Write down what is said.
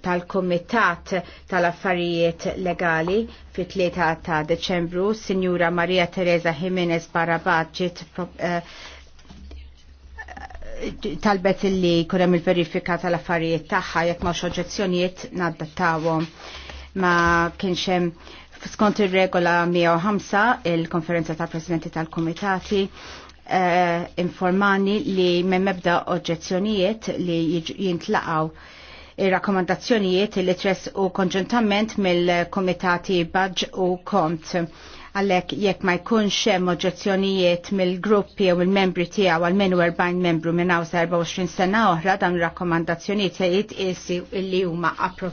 tal-Komitat tal-Affarijiet Legali fit 3 ta' Deċembru, Sinjura Maria Teresa Jimenez Barabat ġiet eh, talbet li kurem il-verifika tal-affarijiet tagħha jekk ma' xoġezzjonijiet naddattawhom ma kienx hemm skont ir-regola 105 il-konferenza ta' presidenti tal-Komitati eh, informani li me mebda oġġezzjonijiet li jintlaqgħu ir-rakkomandazzjonijiet li tres u konġuntament mill-komitati Budge u Kont għallek jekk ma jkunx hemm oġġezzjonijiet mill-gruppi u mill-membri tiegħu għal menu 40 membru minn hawn 24 sena oħra dan rakkomandazzjonijiet se jitqiesi li huma approvati.